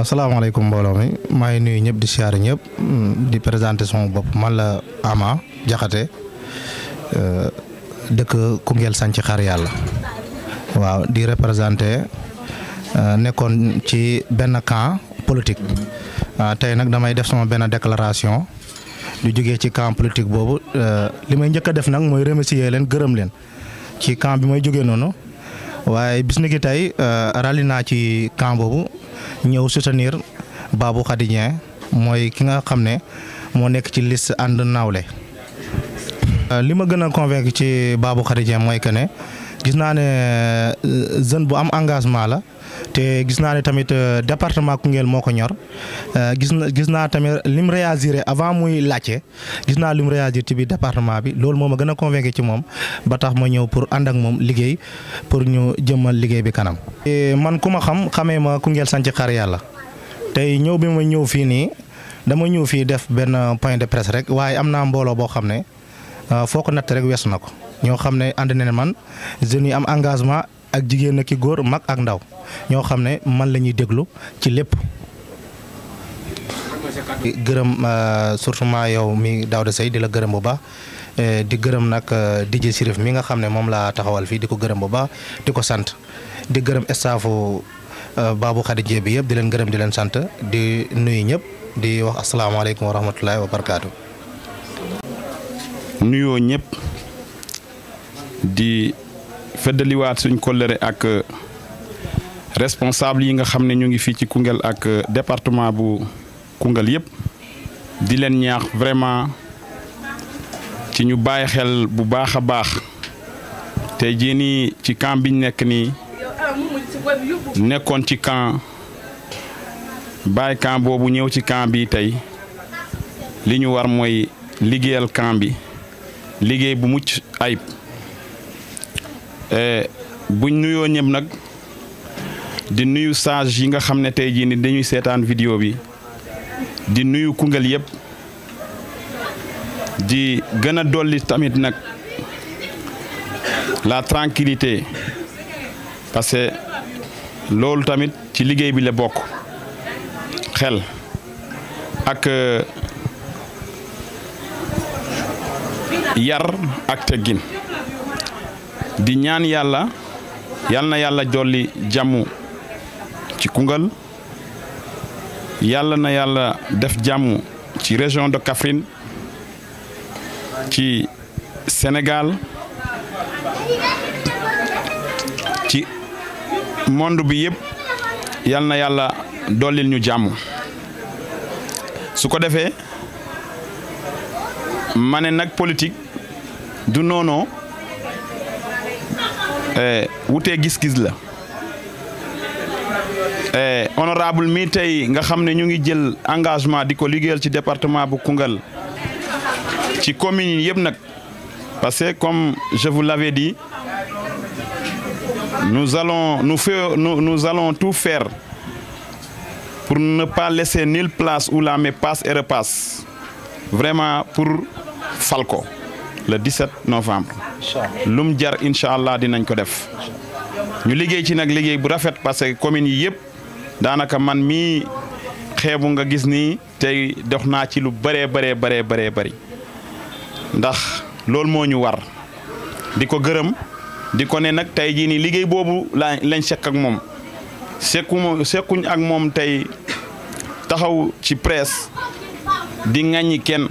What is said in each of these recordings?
waaw salaamaaleykum mbooloo mi maa ngi nuyu ñëpp di siyaare ñëpp mm, di présenter sama bopp man la Ama Jaxate euh, dëkk Koungheul Santhie xar Yàlla waaw di représenter euh, nekkoon ci benn camp politique tey nag damay def sama benn déclaration di jógee ci camp politique boobu euh, li may njëkk a def nag mooy remercier leen gërëm leen ci camp bi may jógee noonu. waaye bis ni ki euh, rali naa ci camp boobu ñëw soutenir Babou Khady mooy ki nga xam ne moo nekk ci list ànd nawle euh, li ma gën a convaincre ci Babou Khady mooy que ne gis naa ne euh, jeune bu am engagement la te gis naa ne tamit euh, département Koungheul moo ko ñor euh, gis na gis naa tamit lim réagir avant muy laajte gis naa lim réagir ci bi département bi loolu moom ma gën a convaincu ci moom ba tax ma ñëw pour ànd ak moom liggéey pour ñu jëmmal liggéey bi kanam. man ku ma xam xamee ma Koungheul Santhie xar Yàlla tey ñëw bi ma ñëw fii nii dama ñëw fii def benn point de presse rek waaye am naa mbooloo boo xam ne. Euh, foo ko natt rek weesu na ko ñoo xam ne ànd na ne man jeunes yi am engagement ak jigéen ak ki góor mag ak ndaw ñoo xam ne man la ñuy déglu ci lépp. gërëm euh, surtout maa yow mi Daouda Seye di la gërëm bu baax euh, di gërëm nag di ji Sirif mi nga xam ne moom laa taxawal fii di ko gërëm bu baax di ko sant di gërëm staffu Babou Khadija bi yëpp di leen gërëm di leen sant di nuyu ñëpp di wax asalaamaaleykum wa rahmatullahi wa barakaatu. nuyoo ñëpp di feddaliwaat suñ kollëre ak euh, responsable yi nga xam ne ñu ngi fii ci Koungheul ak euh, département bu Koungheul yëpp di leen ñaax vraiment ci ñu bàyyi xel bu baax a baax te jii nii ci camp biñ nekk nii nekkoon ci camp bàyyi camp boobu ñëw ci camp bi tey li ñu war mooy liggéeyal camp bi liggéey bu mucc ayib eh, bu nuyoo ñëpp nag di nuyu sage yi nga xam ne tey jii ni dañuy seetaan vidéo bi di nuyu Koungheul yëpp di gën a dolli tamit nag la tranquillité parce que loolu tamit ci liggéey bi la bokk xel ak euh, yar ak teggin di ñaan yàlla yal na yàlla jolli jàmm ci Koungheul yàlla na yàlla def jàmm ci région de Kaffrine ci senegal ci monde bi yëpp yal na yàlla dollil ñu jàmm su ko defee mané nak politique du eh, gis-gis la eh, honorable mi nga xamné ñu ngi jël engagement département bu Kungal ci parce que comme je vous l'avais dit nous allons nous faire nous, allons tout faire pour ne pas laisser nulle place où la passe et repasse vraiment pour fal ko le 17 novembre. lum jar incha allah dinañ ko def. ñu liggéey ci nag liggéey bu rafet parce que communes yi yëpp daanaka man mii xeebu nga gis nii tey dox naa ci lu bëree bëree bëree bëree bëri ndax loolu moo ñu war di ko gërëm di ko ne nag tey jii nii liggéey boobu la lañ sekk ak moom sekkuma ak moom tey taxaw ci presse di ŋaññi kenn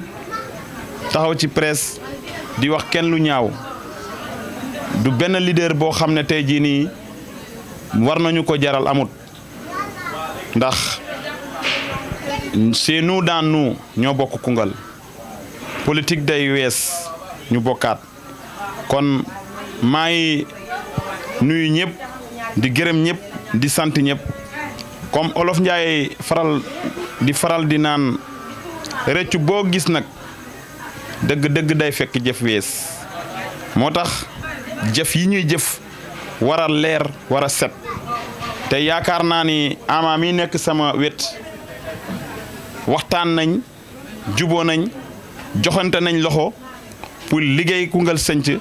taxaw ci presse di wax kenn lu ñaaw du ben leader bo xamne tay ji ni war nañu ko jaral amut ndax c'est nous dans nous ño bokku kungal politique day wess ñu bokkat kon may nuyu nyep di nyep, ñep di sant ñep comme Olof ndjay faral di faral di nan reccu bo gis nak dëgg-dëgg day fekk jëf wees moo tax jëf yi ñuy jëf war a leer war a set te yaakaar naa ni ama mi nekk sama wet waxtaan nañ juboo nañ joxante nañ loxo pour liggéey Koungheul Santhie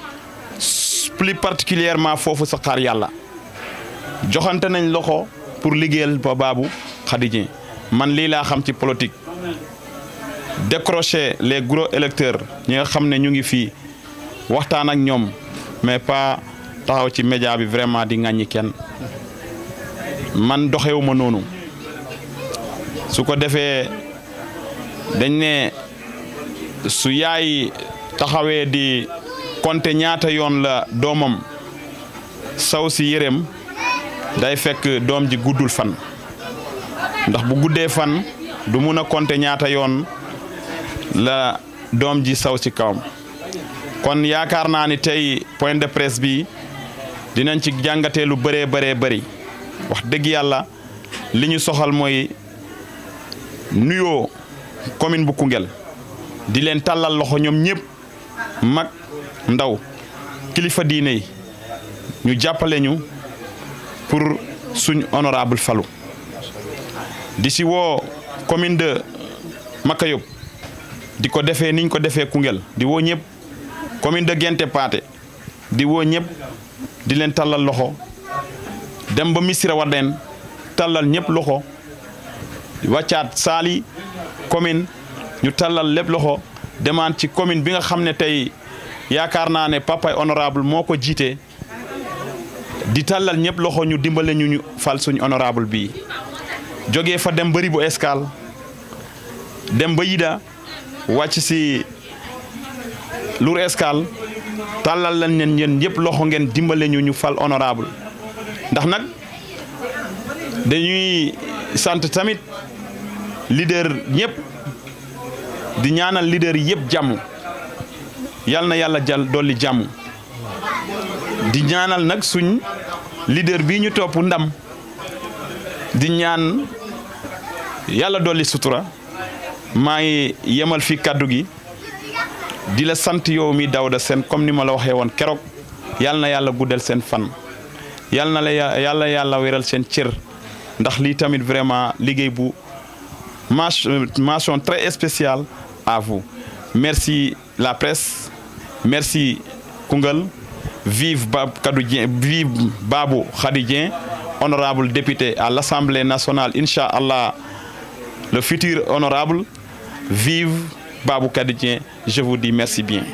plus particulièrement foofu sa yàlla joxante nañ loxo pour liggéeyal ba baabu Khady man lii laa xam ci politique décrocher les gros électeurs ñi nga xam ne ñu ngi fii waxtaan ak ñoom mais pas taxaw ci média bi vraiment di ŋàññi kenn man doxewuma noonu su ko defee dañ ne su yaay taxawee di compter ñaata yoon la doomam saw si yéreem day fekk doom ji guddul fan ndax bu guddee fan du mun a compter ñaata yoon la doom ji saw ci kawam kon yaakaar naa ni tey point de presse bi dinañ ci jàngatee lu bëree bëree bëri wax dëgg yàlla li ñu soxal mooy nuyoo commune bu Koungheul di leen tàllal loxo ñoom ñëpp mag ndaw kilifa diine yi ñu jàppale ñu pour suñ honorable falu di si woo commune de Makayob di ko defee niñ ko defee Koungheul di woo ñëpp commune de Guenté Pathé di woo ñëpp di leen tàllal loxo dem ba Missirah Wadène tàllal ñëpp loxo wàccaat Saly commune ñu tàllal lépp loxo demaan ci commune bi nga xam ne tey yaakaar naa ne papay honorable moo ko jiite di tàllal ñëpp loxo ñu dimbale ñu ñu fal suñu honorable bii jógee fa dem bëri bu escale dem ba Yida wacc ci Lour Escale talal lan ñen ñen yépp loxo ngeen dimbalé ñu ñu fal honorable ndax nak dañuy sante tamit leader ñëpp di ñaanal leader yépp jamm yalna yalla jall doli jamm di ñaanal nak suñ leader bi ñu top ndam di ñaan yalla doli sutura maa yemal fi kàddu gi di la sant yow mi comme ni ma la waxee woon keroog yal na yàlla guddal seen fan yal na la yàlla yàlla wéral ndax lii tamit vraiment liggéey bu mention très spécial à vous merci la presse merci Kungel. vive Bab Kadou vive babu Khady honorable député à l'Assemblée nationale incha allah le futur honorable Vive Babou Kadidien, je vous dis merci bien.